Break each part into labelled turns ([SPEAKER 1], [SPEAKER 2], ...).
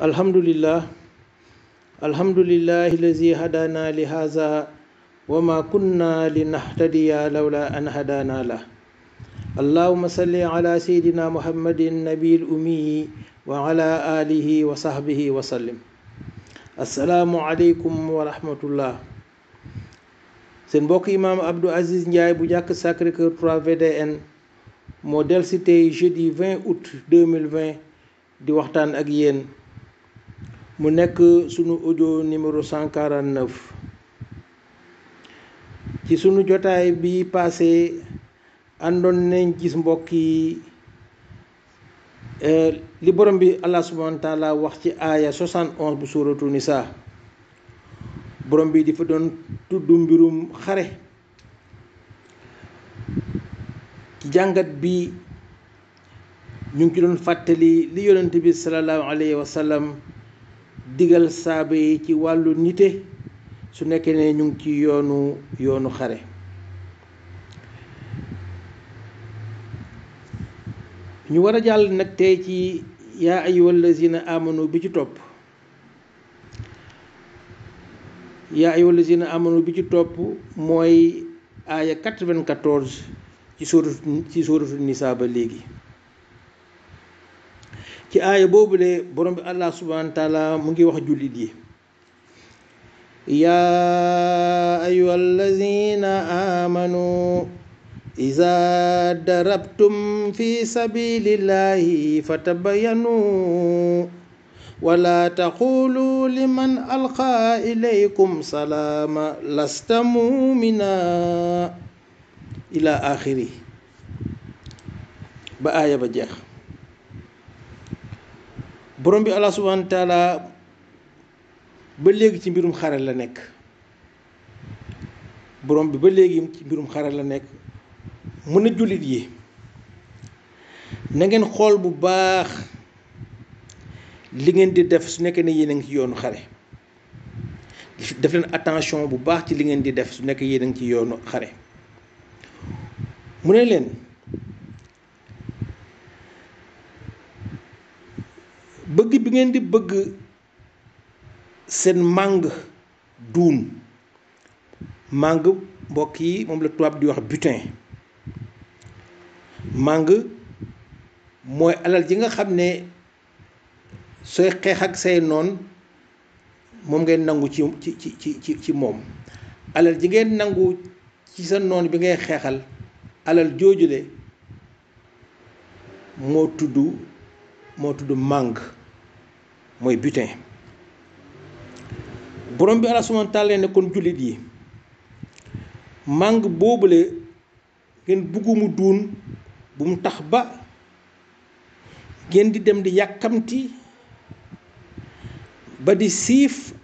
[SPEAKER 1] الحمد لله الحمد لله الذي هدانا لهذا وما كنا لنهتدي لولا أن هدانا له اللهم صل على سيدنا محمد النبي الأمي وعلى آله وصحبه وسلم السلام عليكم ورحمة الله سن بوك إمام عبد العزيز نجاي bu jàkk Sacré-Cœur 3 VDN moo delsi tey jeudi 20 أوت 2020 دي وقتان ak yéen mu nekk sunu audio numéro 149 ci sunu jotaay bi passé andon nañ gis mbokk yi euh, li borom bi allah subhanahu wa taala wax ci aya 71 bu suuratu nisa borom bi di fa doon tuddu mbirum xare ci jàngat bi ñu ngi ci doon fàttali li yonent bi sallallahu alayhi wa sallam digal saaba yi ci wàllu nite su nekkee ne ñu ngi ci yoonu yoonu xare ñu war a jàll nag tey ci yaa ayyuhal lazina amanu bi ci topp yaa ayyuhal lazina bi ci topp mooy aaya 94 ci sóoratu ci sóoratu nisaa ba léegi ci aaya boobule borom bi allah subhanahu wa taala mu ngi wax jullit yi yaa ayuha allazina amanu izaa darabtum fi sabilillahi fatabayanu ولا تقولوا لمن ألقى إليكم سلاما لست مؤمنا إلى آخره بآية بجاخ borom bi allah subhanahu ba léegi ci mbirum xare la nekk borom bi ba léegi ci mbirum xare la nekk mën na jullit yi na ngeen xool bu baax li ngeen di def su nekkee ne yéen a ci yoonu xare def leen attention bu baax ci li ngeen di def su nekk yéen a ngi ci yoonu xare mu ne leen bëgg bi ngeen di bëgg seen màng duun màng mbokk yi moom la tubaab di wax butin màng mooy alal ji nga xam ne sooy xeex ak say noon moom ngeen nangu ci ci ci ci ci moom alal ji ngeen nangu ci sa noon bi ngay xeexal alal joojule moo tudd moo tudd màng moy butin borom bi ala subhanahu talé taala ne kon julit yi mang boobule ngeen bugu mu dun bu mu tax ba ngeen di dem di yakamti ba di sif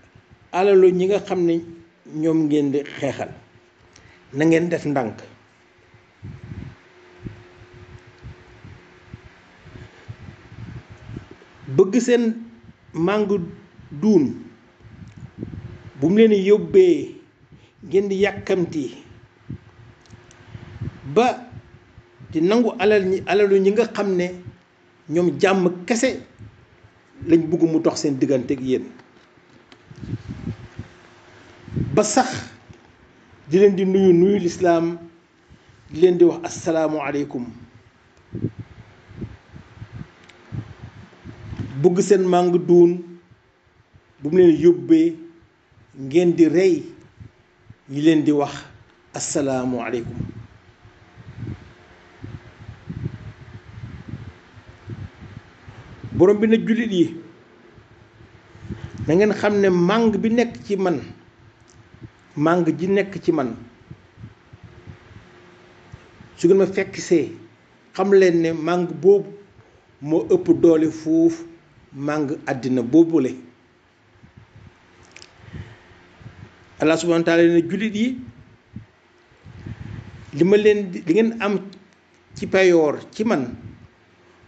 [SPEAKER 1] ala lo ñi nga xam ñom ñoom ngeen di xéxal na ngeen def ndank bëgg seen màngu duun bu mu leen yóbbee ngeen di yàkkamti ba di nangu alal ñi alalu ñi nga xam ne ñoom jàmm kese lañ bugg mu dox seen diggante ak yéen ba sax di leen di nuyu nuyu lislaam di leen di wax asalaamu bëgg seen màng duun bu mu leen yóbbee ngeen di rey ñu leen di wax asalaamu borom bi ne jullit yi na ngeen xam ne màng bi nekk ci man màng ji nekk ci man su ngeen ma fekk see xam leen ne màng boobu moo ëpp doole fuuf Mang àddina boobule allah subhanahu wa taala ne julit yi lima len li am ci payor ci man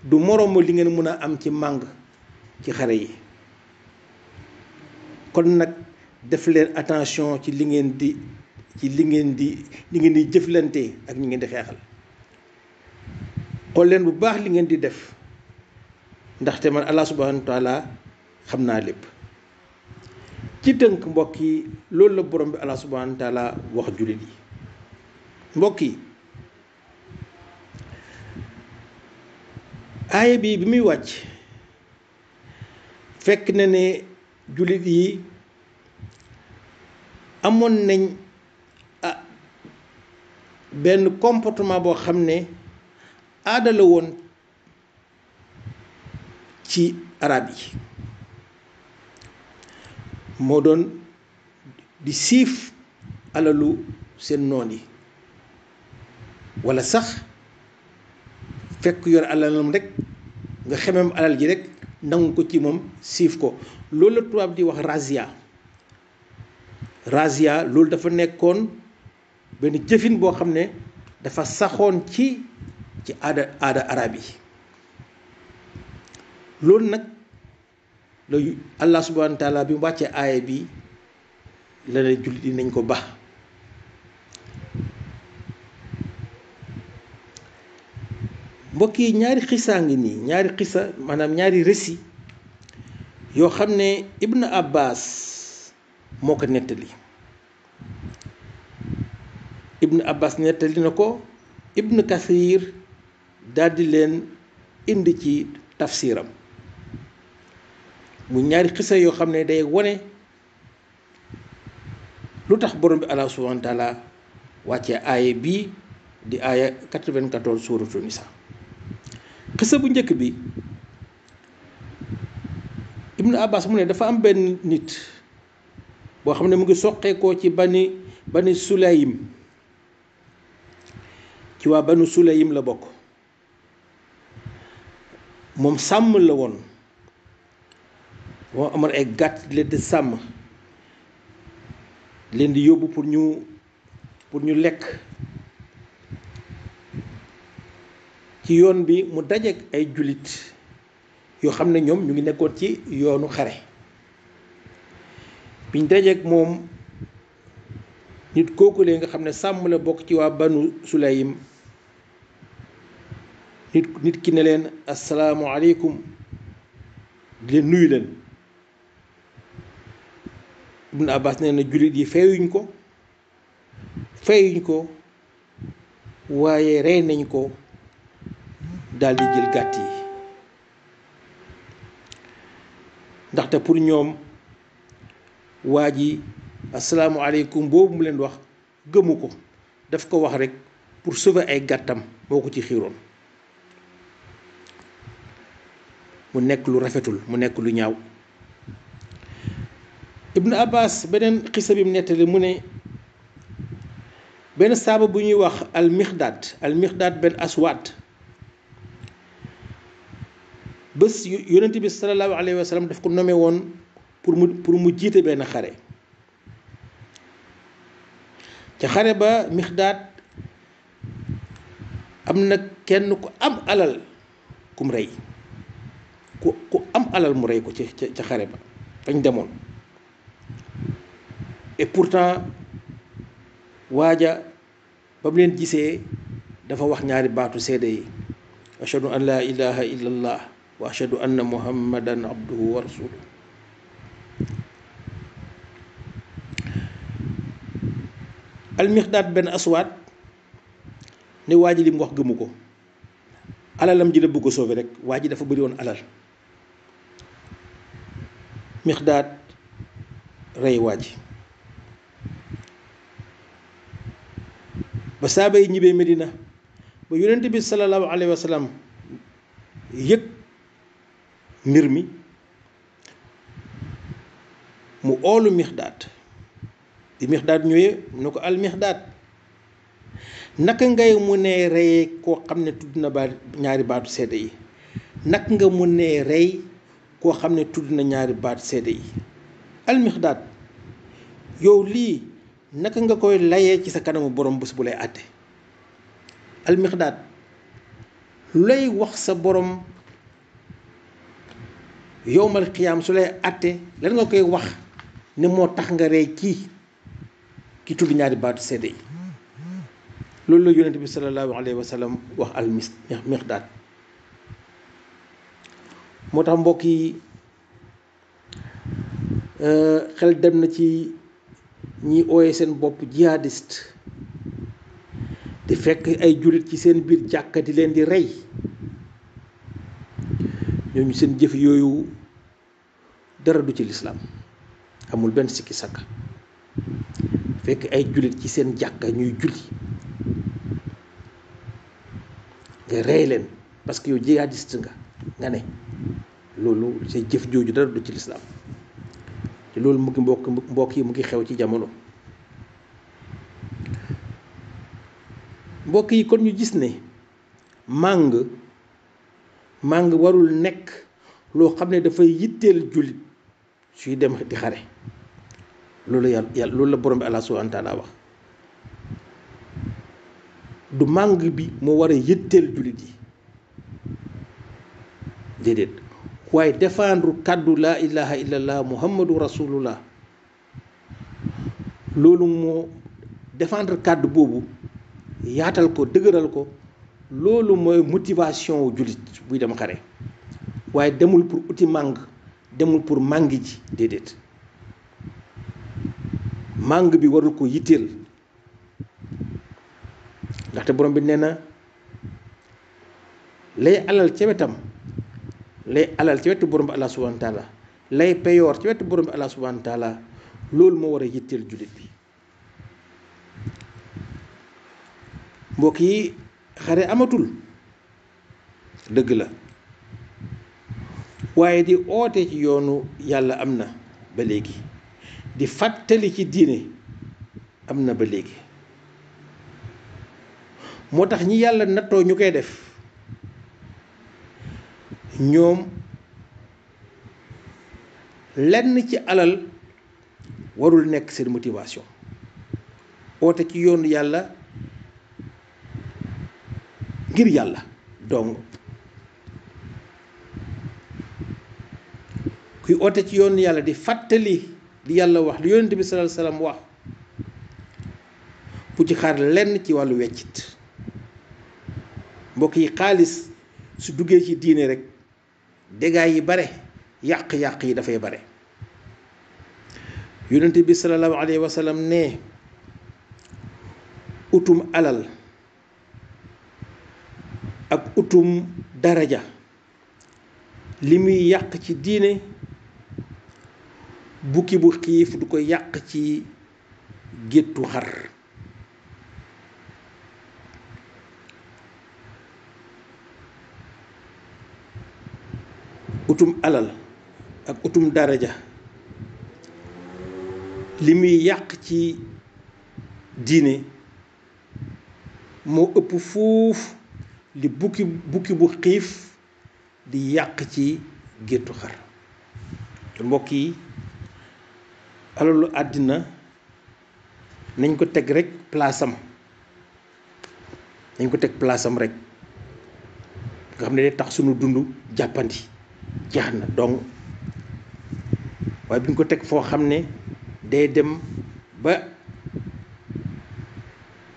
[SPEAKER 1] du morom li ngeen am ci mang, ci xare yi kon nak def len attention ci li ngeen di ci li ngeen di li ngeen di jëflante ak ñi ngeen di xeexal xool len bu baax li ngeen di def ndaxte man allah subhanahu xam naa lépp ci tënk mbokk yi loolu la borom bi allah subhanahu wa taala wax jullit yi mbokk yi aaya bii bi muy wàcc fekk na ne jullit yi amoon nañ ah, benn comportement boo xam ne aada la woon ci arab yi moo doon di siif alalu seen noon yi wala sax fekk yor alalam rekk nga xemem alal ji rek nangu ko ci moom siif ko loolu la tubaab di wax razzia razzia loolu dafa nekkoon benn jëfin boo xam ne dafa saxoon ci ci aada aada arab yi loolu nag la allah subhanahu wa bi mu wàccee aaya bi la jullit yi nañ ko baax mbokk yi ñaari xisaa ngi nii ñaari xisa maanaam ñaari rési yoo xam ne ibn abbas moo ko nettali ibn abbas nettali na ko ibn kathir daldi leen indi ci tafsiram mu ñaari xisa yoo xam ne day wone lu tax borom bi allah subhanahu wa taala wàcce aaya bii di aaya 94 suuratu nisa xisa bu njëkk bi ibnu abbas mu ne dafa am benn nit boo xam ne mu ngi soqeekoo ci bani bani sulayim ci waa banu sulayim la bokk moom sàmm la woon moo amoon ay gàtt leen di sàmm leen di yóbbu pour ñu pour ñu lekk ci yoon bi mu dajeek ay jullit yoo xam ne ñoom ñu ngi nekkoon ci yoonu xare biñ dajeek moom nit kooku lee nga xam ne sàmm la bokk ci waa banu sulayim nit nit ki ne leen asalaamualeykum di leen nuyu leen Ibn Abbas nee na jullit yi feyuñ ko feyuñ ko waaye rey nañ ko daldi di jël gàtt yi ndaxte pour ñoom waa ji asalaamualeykum boobu mu leen wax gëmu ko daf ko wax rekk pour sauver ay gàttam moo ko ci xiiroon mu nekk lu rafetul mu nekk lu ñaaw ابن abbas beneen قصه bi mu nettali mu ne benn saaba bu ñuy wax al mixdaad بس mixdaad benn aswaad bés yonent bi salallaahu alayhi wa sallam pour mu pour mu jiite benn xare ci xare ba mixdaad am na kenn ku am alal kum rey ku ku am alal mu rey ko ci ca xare ba fañ demone et pourtant waaja ba mu leen gisee dafa wax ñaari baatu seede yi ashhadu an laa ilaha illa allah wa ashhadu muhammadan abduhu wa rasuluhu almixdaat benn aswaat ne waaj ji li mu wax gëmu ko alalam ji la bëgg a sauver rek waa ji dafa bëri woon alal mixdaat rey waa ba saaba yi ñibbee Medina ba yonent bi sallallahu alayhi wa yëg mbir mi mu oolu mixdaat bi mixdaat ñëwee mu ne ko al mixdaat naka ngay mu ne reyee koo xam ne tudd na baat ñaari baatu seede yi naka nga mu ne rey koo xam ne tudd na ñaari baat seede yi al mixdaat yow lii naka nga koy layee ci sa kanamu borom bés bu lay àtte almixdaat lay wax sa borom yowmal xiyaam su lay àtte lan nga koy wax ne moo tax nga rey kii ki tudd ñaari baatu seede yi loolu la yonent bi salallaahu alayhi wa sallam wax almis mixdaat moo tax mbokk yi euh, xel dem na ci ñiy ooye seen bopp jihadiste di fekk ay jullit ci seen biir jàkka di leen di rey ñooñu seen jëf yooyu dara du ci lislaam amul benn sikki sakka fekk ay jullit ci seen jàkka ñuy julli nga rey leen parce que yow jihadiste nga nga ne loolu say jëf jooju dara du ci lislaam loolu mu ngi mbokk mbokk yi mu ngi xew ci jamono mbokk yi kon ñu gis ne màng màng warul nekk loo xam ne dafay yitteel jullit suy dem di xare loolu la borom bi allah subhanahu wa wax du màng bi mu war a yitteel jullit yi déedéet waaye défendre kàddu laa ilaha illallah muhammadu rasulullah loolu moo défendre kàddu boobu yaatal ko dëgëral ko loolu mooy motivation wu jullit buy dem xare waaye demul pour uti màng demul pour màngi ji déedéet màng bi warul ko yitteel ndaxte borom bi nee na lay alal ca wetam lay alal ci wetu borom bi allah lay payoor ci wetu borom bi allah loolu moo war a yitteel jullit bi mbokk yi xare amatul dëgg la waaye di oote ci yoonu yàlla am na ba léegi di fàttali ci diine am na ba léegi moo tax ñi yàlla nattoo ñu koy def ñoom lenn ci alal warul nekk seen motivation oote ci yoon yàlla ngir yàlla dong kuy oote ci yoon yàlla di fàttali di yàlla wax li yonente bi salaa salaam wax bu ci xaar lenn ci wàllu weccit mbokk yi xaalis su duggee ci diine rek dégâts yi bare yàq-yàq yi dafay bare yonent bi sallallahu alayhi wa sallam ne utum alal ak utum daraja li muy yàq ci diine bukki bu xiif du ko yàq ci géttu xar utum alal ak utum daraja limi yak ci dine mo upp fuuf li buki buki bu xif di yak ci gettu xar mbokk yi alalu adina nañ ko teg rek plasam nañ ko teg rek nga xamne day tax sunu dundu jappandi jeex na donc waaye bu ñu ko teg foo xam ne day dem ba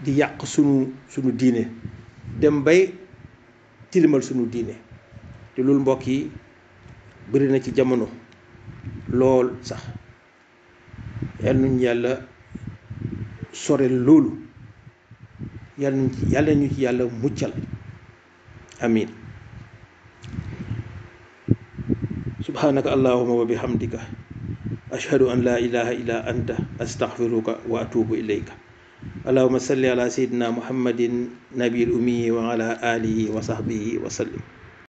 [SPEAKER 1] di yàq sunu sunu diine dem bay tilimal sunu diine te loolu mbokk yi bëri na ci jamono lool sax yal nañu yàlla sore loolu yal nañu ci yàlla ñu ci yàlla muccal amin سبحانك اللهم وبحمدك أشهد أن لا إله إلا أنت أستغفرك وأتوب إليك اللهم صل على سيدنا محمد نبي الأمي وعلى آله وصحبه وسلم